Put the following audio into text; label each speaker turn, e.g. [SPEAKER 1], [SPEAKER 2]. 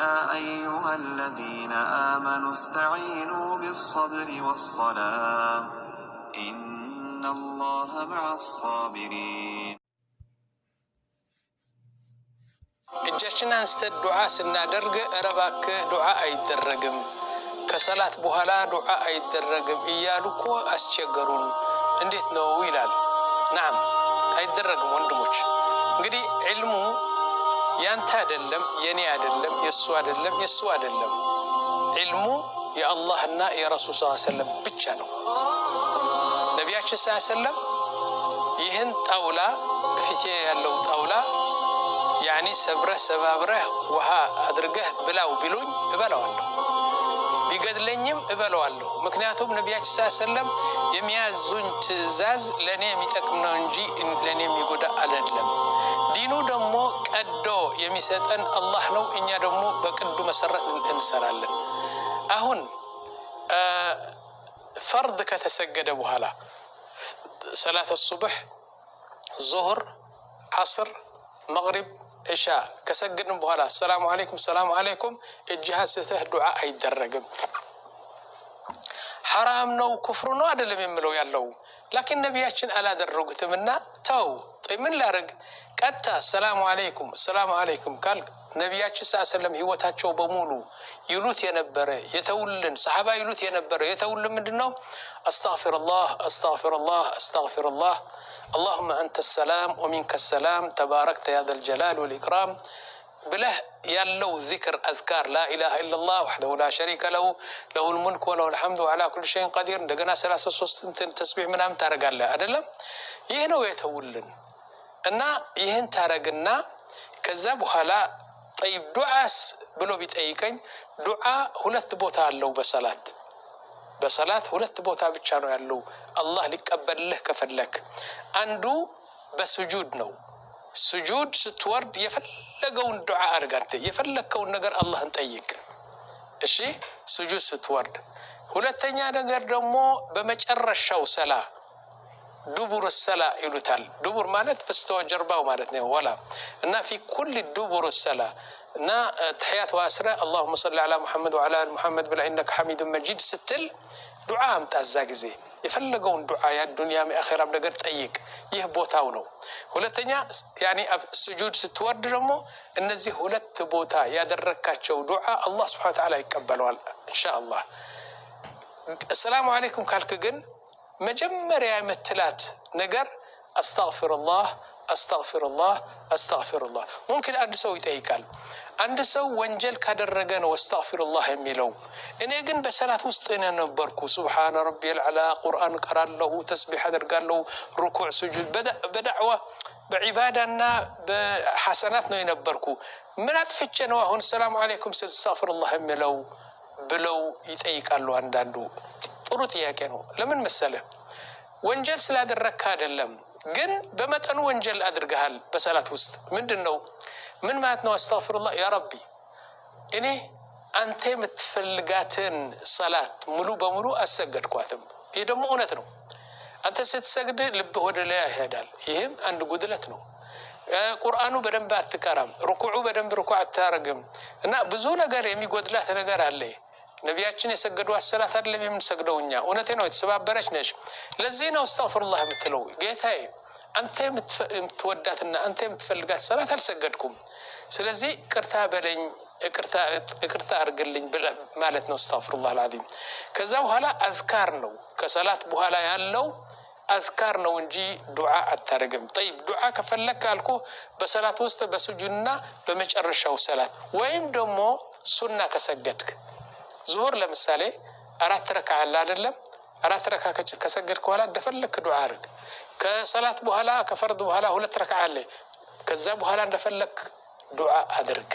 [SPEAKER 1] يا أيها الذين آمنوا استعينوا بالصبر والصلاة إن الله مع الصابرين
[SPEAKER 2] እጃችን አንስተን ዱዓ ስናደርግ እረባክ ዱዓ አይደረግም፣ ከሰላት በኋላ ዱዓ አይደረግም እያሉ እኮ አስቸገሩን። እንዴት ነው ይላል። ናም አይደረግም ወንድሞች። እንግዲህ ዕልሙ ያንተ አይደለም፣ የኔ አይደለም፣ የእሱ አይደለም፣ የእሱ አይደለም። ዒልሙ የአላህና የረሱል ስ ሰለም ብቻ ነው። ነቢያችን ስ ሰለም ይህን ጣውላ በፊቴ ያለው ጣውላ ያኒ ሰብረህ ሰባብረህ ውሃ አድርገህ ብላው ቢሉኝ እበላዋለሁ። ቢገድለኝም እበለዋለሁ። ምክንያቱም ነቢያችን ስ ሰለም የሚያዙኝ ትእዛዝ ለእኔ የሚጠቅም ነው እንጂ ለእኔ የሚጎዳ አይደለም። ዲኑ ደግሞ ቀዶ የሚሰጠን አላህ ነው። እኛ ደግሞ በቅዱ መሰረት እንሰራለን። አሁን ፈርድ ከተሰገደ በኋላ ሰላተ ሱብሕ፣ ዙሁር፣ ዓስር፣ መቅሪብ እሻ ከሰግድም በኋላ ሰላሙ አለይኩም ሰላሙ አለይኩም እጅሃ ስተህ ዱዓ አይደረግም። ሐራም ነው ኩፍሩ ነው አይደለም የምለው ያለው ላኪን ነቢያችን አላደረጉትም እና ተው ምን ላደርግ ቀጥታ ሰላሙ አለይኩም ሰላሙ አለይኩም ካል ነቢያችን ስ ሰለም ህይወታቸው በሙሉ ይሉት የነበረ የተውልን ሰሓባ ይሉት የነበረ የተውልን ምንድን ነው አስታፊርላህ አስታፊርላህ አስታፊርላህ اللهم أنت السلام ومنك السلام تباركت يا ذا الجلال والإكرام بله يلو ذكر أذكار لا إله إلا الله وحده لا شريك له له الملك وله الحمد وعلى كل شيء قدير لقنا سلاسة ሶስት تسبيح من أم تارق الله أدلم يهنا ويتولن እና ይህን ታረግና ከዛ በኋላ ጠይብ ዱዓስ ብሎ ቢጠይቀኝ دعاء ሁለት ثبوتها اللو በሰላት በሰላት ሁለት ቦታ ብቻ ነው ያለው አላህ ሊቀበልህ ከፈለክ። አንዱ በስጁድ ነው። ስጁድ ስትወርድ የፈለገውን ዱዓ አድርግ። የፈለግከውን ነገር አላህን ጠይቅ። እሺ፣ ስጁድ ስትወርድ። ሁለተኛ ነገር ደግሞ በመጨረሻው ሰላ ዱቡር ሰላ ይሉታል። ዱቡር ማለት በስተጀርባው ማለት ነው። ወላ እና ፊ ኩል ዱቡር ሰላ እና ትሕያት ዋስረ አላሁመ ሰሊ ዓላ ሙሐመድ ወዓላ አል ሙሐመድ ብላ ኢነከ ሐሚዱ መጂድ ስትል ዱዓ አምጣ። እዛ ጊዜ የፈለገውን ዱዓ ያ ዱንያም የአኼራም ነገር ጠይቅ። ይህ ቦታው ነው። ሁለተኛ ያኔ ኣብ ስጁድ ስትወርድ ደግሞ እነዚህ ሁለት ቦታ ያደረግካቸው ዱዓ አላህ ስብሓነ ወተዓላ ይቀበለዋል እንሻ አላህ። አሰላሙ ዓለይኩም ካልክ ግን መጀመሪያ የምትላት ነገር አስተግፊሩላህ አስተግፊሩላህ አስተግፊሩላህ። ሙምኪን አንድ ሰው ይጠይቃል፣ አንድ ሰው ወንጀል ካደረገ ነው አስተግፊሩላህ የሚለው። እኔ ግን በሰላት ውስጥ ነው ነበርኩ። ሱብሓነ ረቢየል አዕላ ቁርአን ቀራለሁ፣ ተስቢሕ አደርጋለሁ፣ ሩኩዕ፣ ስጁድ፣ በዳዕዋ በዒባዳና በሐሰናት ነው የነበርኩ። ምን አጥፍቼ ነው አሁን ሰላም አለይኩም አስተግፊሩላህ የሚለው ብለው ይጠይቃሉ። አንዳንዱ ጥሩ ጥያቄ ነው። ለምን መሰለ ወንጀል ስላደረግካ አይደለም ግን በመጠኑ ወንጀል አድርገሃል። በሰላት ውስጥ ምንድን ነው ምን ማለት ነው? አስተግፍሩላህ ያ ረቢ፣ እኔ አንተ የምትፈልጋትን ሰላት ሙሉ በሙሉ አሰገድኳትም። ይህ ደግሞ እውነት ነው። አንተ ስትሰግድ ልብህ ወደ ላይ ይሄዳል። ይህም አንድ ጉድለት ነው። ቁርአኑ በደንብ አትቀራም፣ ርኩዑ በደንብ ርኩዕ አታረግም እና ብዙ ነገር የሚጎድላት ነገር አለ። ነቢያችን የሰገዱ አሰላት አይደለም የምንሰግደው እኛ። እውነቴ ነው፣ የተሰባበረች ነች። ለዚህ ነው አስተግፍሩላህ የምትለው ጌታዬ፣ አንተ የምትወዳትና አንተ የምትፈልጋት ሰላት አልሰገድኩም፣ ስለዚህ ቅርታ በለኝ፣ እቅርታ አድርግልኝ ማለት ነው። አስተግፍሩላህ አልዓዚም። ከዛ በኋላ አዝካር ነው ከሰላት በኋላ ያለው አዝካር ነው እንጂ ዱዓ አታደርግም። ጠይብ ዱዓ ከፈለግ ካልኩ በሰላት ውስጥ በስጁድና በመጨረሻው ሰላት ወይም ደግሞ ሱና ከሰገድክ ዙሁር ለምሳሌ አራት ረካ አለ አይደለም? አራት ረካ ከሰገድክ በኋላ እንደፈለክ ዱዓ አድርግ። ከሰላት በኋላ ከፈርድ በኋላ ሁለት ረካ አለ። ከዛ በኋላ እንደፈለክ ዱዓ አድርግ።